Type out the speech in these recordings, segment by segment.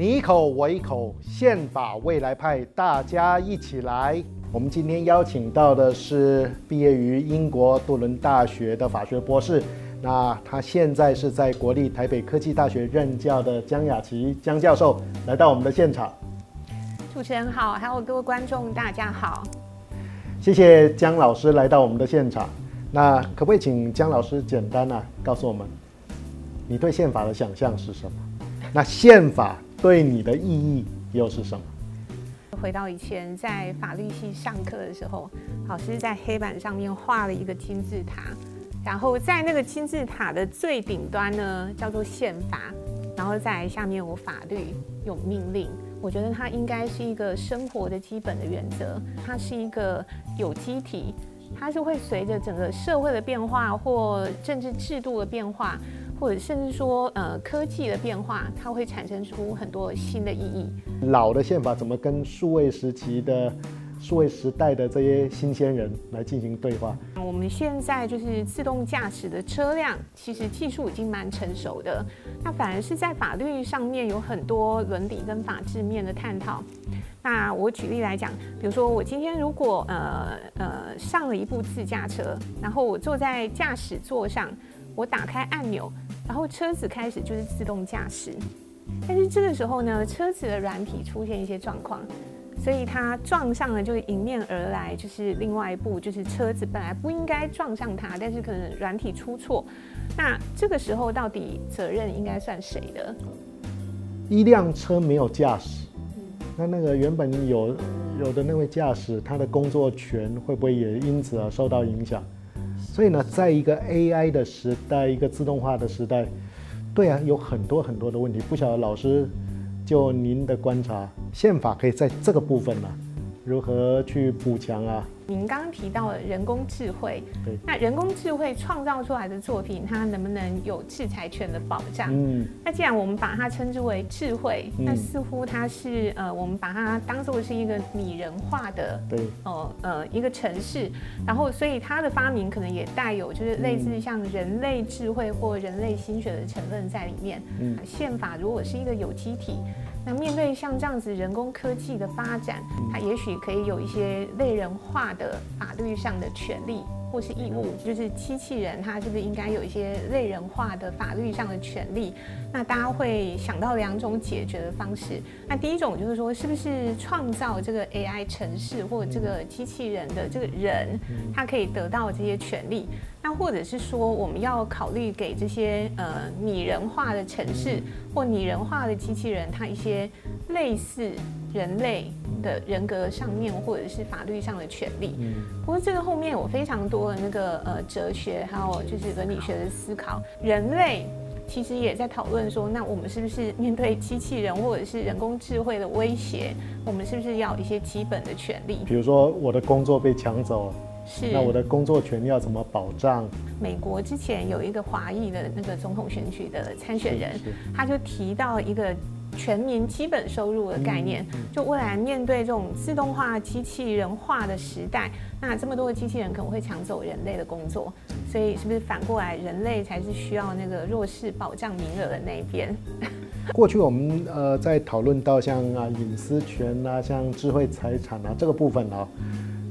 你一口我一口，憲法未來派，大家一起來。我們今天邀請到的是畢業於英國杜倫大學的法學博士，那他現在是在國立臺北科技大學任教的江雅綺江教授，來到我們的現場。主持人好，還有各位觀眾，大家好。謝謝江老師來到我們的現場。那可不可以請江老師簡單啊，告訴我們你對憲法的想象是什麼？那憲法。對你的意義又是什麼？回到以前在法律系上課的時候，老師在黑板上面畫了一個金字塔，然後在那個金字塔的最頂端呢，叫做憲法，然後在下面有法律，有命令。我覺得它應該是一個生活的基本的原則，它是一個有機體，它是會隨着整個社會的變化或政治制度的變化。或者甚至說，呃，科技的變化，它會產生出很多新的意義。老的憲法怎麼跟數位時期的、數位時代的這些新鮮人來進行對話？我們現在就是自動駕駛的車輛，其實技術已經蠻成熟的。那反而是在法律上面有很多倫理跟法制面的探討。那我舉例來講，比如說我今天如果呃呃上了一部自駕車，然後我坐在駕駛座上，我打開按鈕。然後車子開始就是自動駕駛，但是這個時候呢，車子的軟體出現一些狀況，所以它撞上了，就是迎面而來，就是另外一部，就是車子本來不應該撞上它，但是可能軟體出錯。那這個時候到底責任應該算誰的？一輛車沒有駕駛，那那個原本有有的那位駕駛，他的工作權會不會也因此而受到影響？所以呢，在一個 AI 的時代，一個自動化的時代，對啊，有很多很多的問題。不曉得老師，就您的觀察，憲法可以在這個部分呢、啊？如何去補強啊？您剛剛提到的人工智慧，對，那人工智慧創造出來的作品，它能不能有制裁權的保障？嗯，那既然我們把它稱之為智慧，嗯，那似乎它是呃，我們把它當作是一個擬人化的，對，哦呃，呃，一個程式，然後所以它的發明可能也帶有就是類似像人類智慧或人類心血的成分在裡面。嗯，啊，憲法如果是一個有機體。那面對像這樣子人工科技的發展，它也許可以有一些類人化的法律上的權利，或是義務，就是機器人，它是不是應該有一些類人化的法律上的權利？那大家會想到兩種解決的方式。那第一種就是說，是不是創造這個 AI 程式、或這個機器人的這個人，他可以得到這些權利？那或者是說，我們要考慮給這些呃擬人化的程式，或擬人化的機器人，它一些類似。人類的人格上面，或者是法律上的權利。嗯，不過這個後面有非常多的那個呃哲學，還有就是倫理學的思考。人類其實也在討論說，那我們是不是面對機器人或者是人工智慧的威脅，我們是不是要一些基本的權利？比如說我的工作被搶走，是那我的工作權利要怎麼保障？美國之前有一個華裔的那個總統選舉的參選人，他就提到一個。全民基本收入的概念，就未來面對這種自動化、機器人化的時代，那這麼多的機器人可能會搶走人類的工作，所以是不是反過來，人類才是需要那個弱勢保障名額的那邊？過去我們呃在討論到像啊隱私權啊、像智慧財產啊這個部分啊，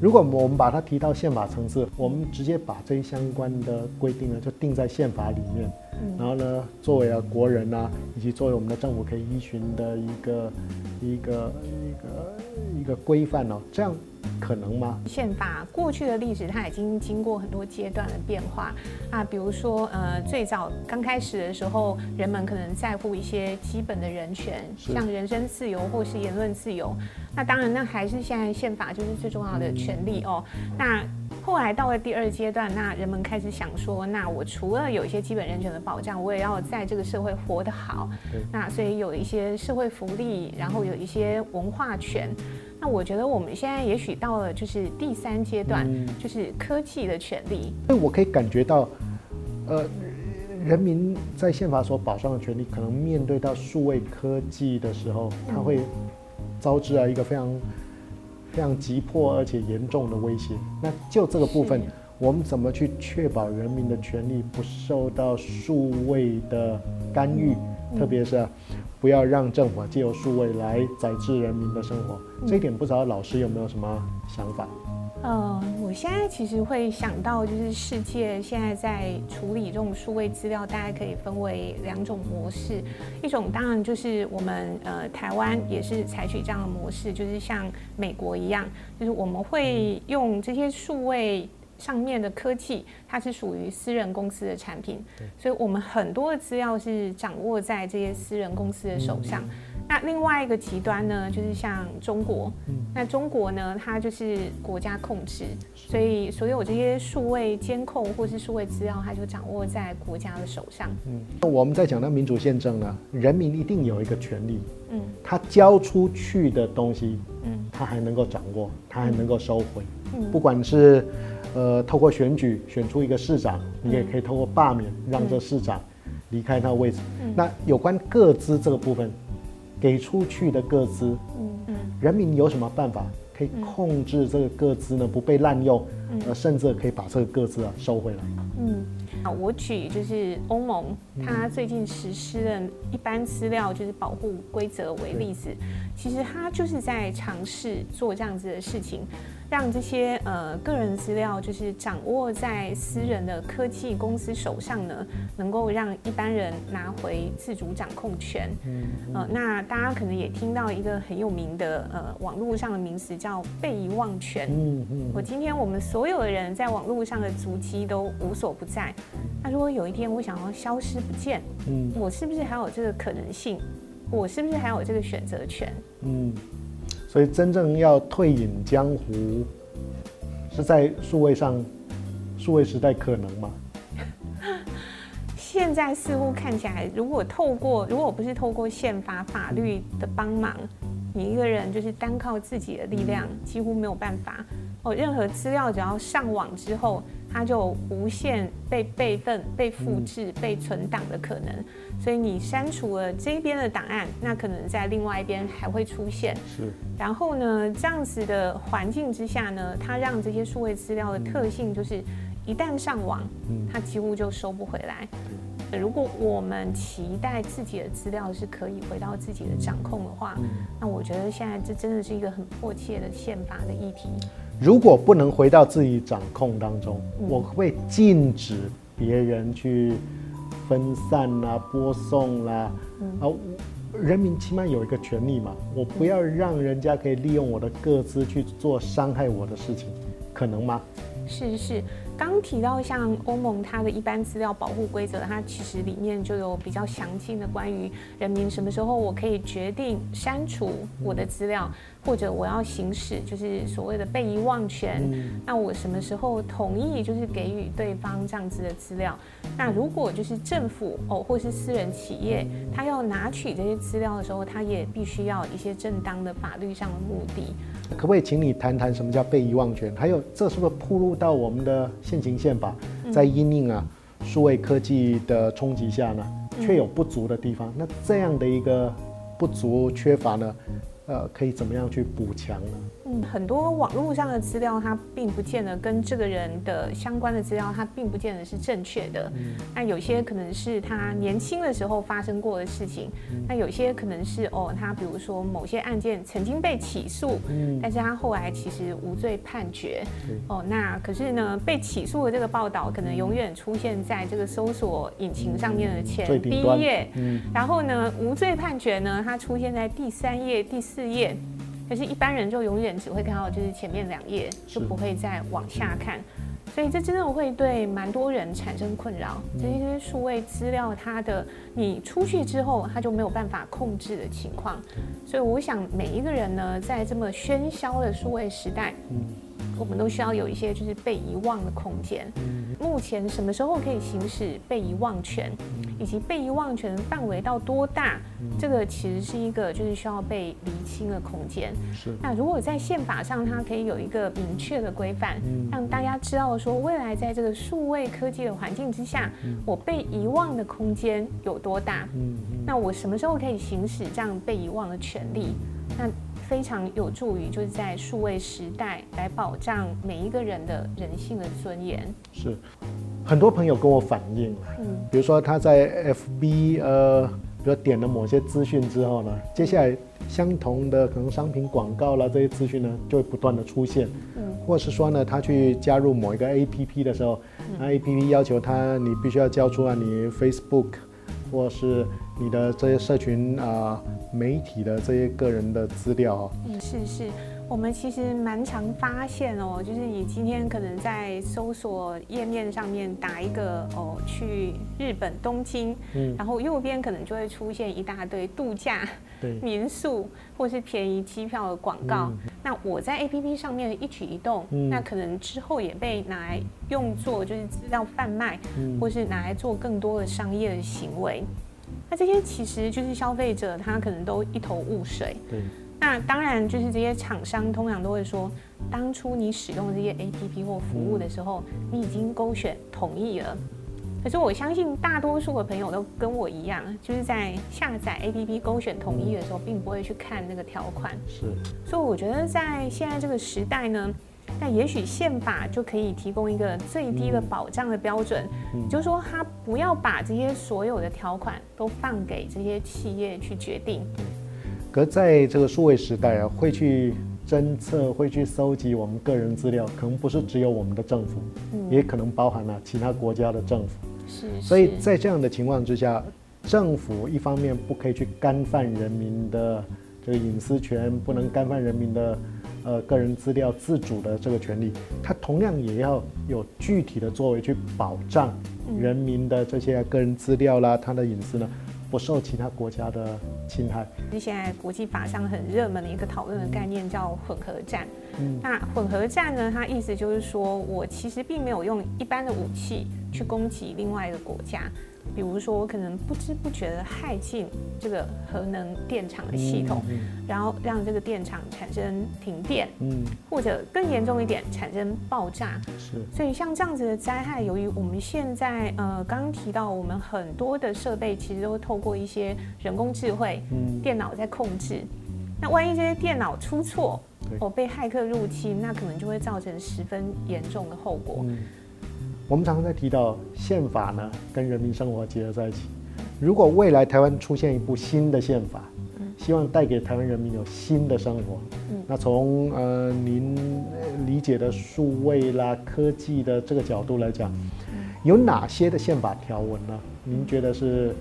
如果我們把它提到憲法層次，我們直接把這些相關的規定呢就定在憲法裡面。嗯、然後呢，作為啊國人啊，以及作為我們的政府可以依循的一個一個一個一個規範哦。這樣可能嗎？憲法過去的歷史它已經經過很多階段的變化啊，比如說呃最早剛開始的時候，人們可能在乎一些基本的人權，像人身自由或是言論自由。嗯、那當然，那還是現在憲法就是最重要的權利哦、喔。嗯、那後來到了第二階段，那人們開始想說，那我除了有一些基本人權的保障，我也要在這個社會活得好。對，那所以有一些社會福利，然後有一些文化權。那我覺得我們現在也許到了就是第三階段，嗯、就是科技的權利。所以我可以感覺到，呃，人民在憲法所保障的權利，可能面對到數位科技的時候，嗯、他會招致啊一個非常。這樣急迫，而且嚴重的威脅。那就這個部分，我們怎麼去確保人民的權利不受到數位的干預，嗯、特別是不要讓政府借由數位來宰制人民的生活，嗯，這一點不知道老師有沒有什麼想法？嗯、呃，我現在其實會想到，就是世界現在在處理這種數位資料，大概可以分為兩種模式。一種當然就是我們呃台灣也是採取這樣的模式，就是像美國一樣，就是我們會用這些數位上面的科技，它是屬於私人公司的產品，所以我們很多的資料是掌握在這些私人公司的手上。嗯，嗯，嗯。那另外一個極端呢，就是像中國、嗯，那中國呢，它就是國家控制，所以所有這些數位監控或是數位資料，它就掌握在國家的手上。嗯，那我們在講到民主憲政呢，人民一定有一個權利，嗯，他交出去的東西，嗯，他還能夠掌握，他還能夠收回、嗯。不管是呃，透過選舉選出一個市長，你、嗯、也可以透過罷免讓這市長離開他的位置。嗯、那有關個資這個部分。給出去的個資，嗯嗯，人民有什麼辦法可以控制這個個資呢？嗯、不被濫用，呃、嗯，甚至可以把這個個資啊收回來。嗯，好，我舉就是歐盟它最近實施的一般資料就是保護規則為例子，其實它就是在嘗試做這樣子的事情。讓這些呃個人資料就是掌握在私人的科技公司手上呢，能夠讓一般人拿回自主掌控權嗯。嗯，呃，那大家可能也聽到一個很有名的呃網絡上的名詞叫被遺忘權。嗯嗯，我今天我們所有的人在網絡上的足跡都無所不在。他說有一天我想要消失不見，嗯，我是不是還有這個可能性？我是不是還有這個選擇權？嗯。所以真正要退隱江湖，是在數位上，數位時代可能嗎？現在似乎看起來，如果透過，如果不是透過憲法、法律的幫忙，你一個人就是單靠自己的力量，嗯、幾乎沒有辦法。哦，任何資料只要上網之後。它就無限被備份、被複製、被存檔的可能，所以你刪除了這邊的檔案，那可能在另外一邊還會出現。是。然後呢，這樣子的環境之下呢，它讓這些數位資料的特性就是，一旦上網，它幾乎就收不回來。如果我們期待自己的資料是可以回到自己的掌控的話，那我覺得現在這真的是一個很迫切的憲法的議題。如果不能回到自己掌控當中，嗯、我會禁止別人去分散啦、播送啦。啊、嗯，人民起碼有一個權利嘛，我不要讓人家可以利用我的個資去做傷害我的事情，可能嗎？是是。是剛提到像歐盟它的一般資料保護規則，它其實裡面就有比較詳盡的關於人民什麼時候我可以決定刪除我的資料，或者我要行使就是所謂的被遺忘權，那我什麼時候同意就是給予對方這樣子的資料？那如果就是政府哦或是私人企業，他要拿取這些資料的時候，他也必須要一些正當的法律上的目的。可不可以請你談談什麼叫被遺忘權？還有，這是不是鋪路到我們的現行憲法，在因應啊，數位科技的衝擊下呢，卻有不足的地方？那這樣的一個不足、缺乏呢，呃，可以怎麼樣去補強呢？嗯、很多網絡上的資料，它並不見得跟這個人的相關的資料，它並不見得是正確的。那、嗯、有些可能是他年輕的時候發生過的事情，那、嗯、有些可能是哦，他比如說某些案件曾經被起訴、嗯，但是他後來其實無罪判決。哦，那可是呢，被起訴的這個報道可能永遠出現在這個搜索引擎上面的前第一頁、嗯，然後呢，無罪判決呢，它出現在第三頁、第四頁。可是，一般人就永遠只會看到就是前面兩頁，就不會再往下看，所以這真的會對蠻多人產生困擾。這些數位資料，它的你出去之後，它就沒有辦法控制的情況。所以我想，每一個人呢，在這麼喧囂的數位時代，我們都需要有一些就是被遺忘的空間。目前什麼時候可以行使被遺忘權？以及被遺忘權的範圍到多大，這個其實是一個就是需要被釐清的空間。是。那如果在憲法上，它可以有一個明確的規範，讓大家知道說，未來在這個數位科技的環境之下，我被遺忘的空間有多大？嗯嗯。那我什麼時候可以行使這樣被遺忘的權利？那。非常有助於，就是在數位時代來保障每一個人的人性的尊嚴。是，很多朋友跟我反映，嗯，比如說他在 FB 呃，比如點了某些資訊之後呢，接下來相同的可能商品廣告啦、這些資訊呢就會不斷的出現，嗯，或是說呢他去加入某一個 APP 的時候，那 APP 要求他，你必須要交出啊你 Facebook。或是你的這些社群啊，媒體的這些個人的資料。嗯，是是，我們其實蠻常發現哦，就是你今天可能在搜索頁面上面打一個哦，去日本東京，然後右邊可能就會出現一大堆度假。對民宿，或是便宜機票的廣告、嗯，那我在 APP 上面的一舉一動、嗯，那可能之後也被拿來用作就是資料販賣、嗯，或是拿來做更多的商業的行為。那這些其實就是消費者，他可能都一頭霧水。對。那當然，就是這些廠商通常都會說，當初你使用這些 APP 或服務的時候、嗯，你已經勾選同意了。可是我相信大多數的朋友都跟我一樣，就是在下載 APP 勾選同意的時候，並不會去看那個條款、嗯。是，所以我覺得在現在這個時代呢，那也許憲法就可以提供一個最低的保障的標準，就是說他不要把這些所有的條款都放給這些企業去決定、嗯嗯。可在這個數位時代啊，會去。偵測會去蒐集我們個人資料，可能不是只有我們的政府，嗯、也可能包含了其他國家的政府。是，所以在這樣的情況之下，政府一方面不可以去干犯人民的這個隱私權，不能干犯人民的呃個人資料自主的這個權利，他同樣也要有具體的作為去保障人民的這些個人資料啦，他的隱私呢，不受其他國家的侵害。現在國際法上很熱門的一個討論的概念叫混合戰。嗯。那混合戰呢，它意思就是說我其實並沒有用一般的武器去攻擊另外一個國家。比如說，我可能不知不覺地駭進這個核能電廠的系統，然後讓這個電廠產生停電，或者更嚴重一點，產生爆炸。是。所以像這樣子的災害，由於我們現在呃剛剛提到，我們很多的設備其實都會透過一些人工智慧、電腦在控制。那萬一這些電腦出錯，或被駭客入侵，那可能就會造成十分嚴重的後果。我們常常在提到憲法呢，跟人民生活結合在一起。如果未來台灣出現一部新的憲法，嗯，希望帶給台灣人民有新的生活，嗯、那從呃您理解的數位啦、科技的這個角度來講，嗯，有哪些的憲法條文呢？您覺得是？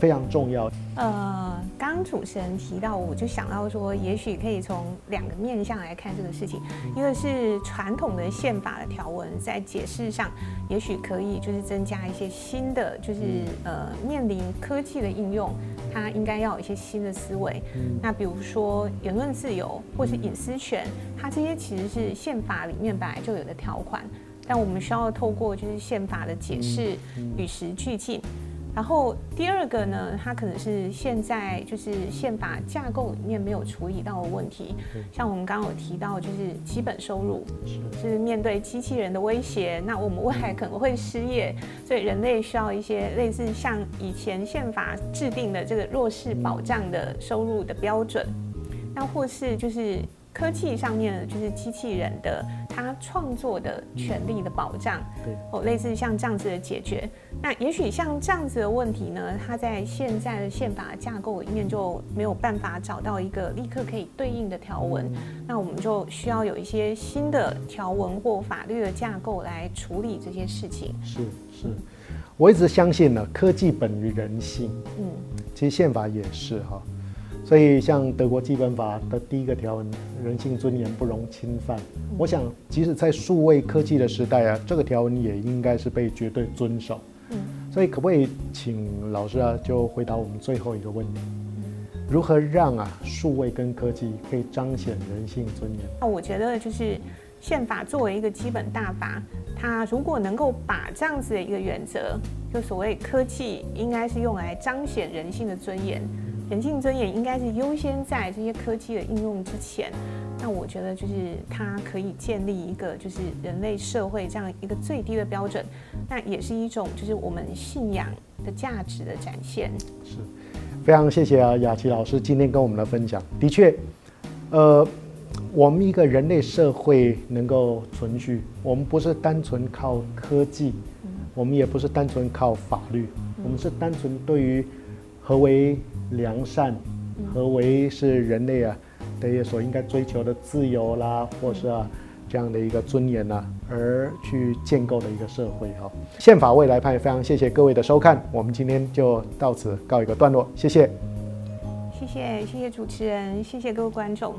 非常重要。呃，剛主持人提到，我就想到說，也許可以從兩個面向來看這個事情。一個是傳統的憲法的條文，在解釋上，也許可以就是增加一些新的，就是呃、嗯，面臨科技的應用，它應該要有一些新的思維。嗯、那比如說言論自由或是隱私權、嗯，它這些其實是憲法裡面本來就有的條款，但我們需要透過就是憲法的解釋與時俱進。嗯嗯然後第二個呢，它可能是現在就是憲法架構裡面沒有處理到的問題，像我們剛剛有提到，就是基本收入，就是面對機器人的威脅，那我們未來可能會失業，所以人類需要一些類似像以前憲法制定的這個弱勢保障的收入的標準，那或是就是。科技上面的就是機器人的他創作的權利的保障，對、嗯、哦，類似像這樣子的解決。那也許像這樣子的問題呢，它在現在的憲法架構裡面就沒有辦法找到一個立刻可以對應的條文、嗯。那我們就需要有一些新的條文或法律的架構來處理這些事情。是是、嗯，我一直相信呢，科技本於人性，嗯，其實憲法也是哈、哦。所以，像德國基本法的第一個條文“人性尊嚴不容侵犯”，我想，即使在數位科技的時代啊，這個條文也應該是被絕對遵守。嗯，所以，可不可以請老師啊，就回答我們最後一個問題：如何讓啊數位跟科技可以彰顯人性尊嚴？那我覺得，就是憲法作為一個基本大法，它如果能夠把這樣子的一個原則，就所謂科技應該是用來彰顯人性的尊嚴。人性尊嚴應該是優先在這些科技的應用之前。那我覺得就是它可以建立一個就是人類社會這樣一個最低的標準。那也是一種就是我們信仰的價值的展現。是，非常謝謝啊，雅綺老師今天跟我們的分享。的確，呃，我們一個人類社會能夠存續，我們不是單純靠科技，嗯，我們也不是單純靠法律，嗯，我們是單純對於。何為良善？何為是人類啊的一些所應該追求的自由啦，或是啊這樣的一個尊嚴呢、啊？而去建構的一個社會哈、啊。憲法未來派非常謝謝各位的收看，我們今天就到此告一個段落，謝謝。謝謝謝謝主持人，謝謝各位觀眾。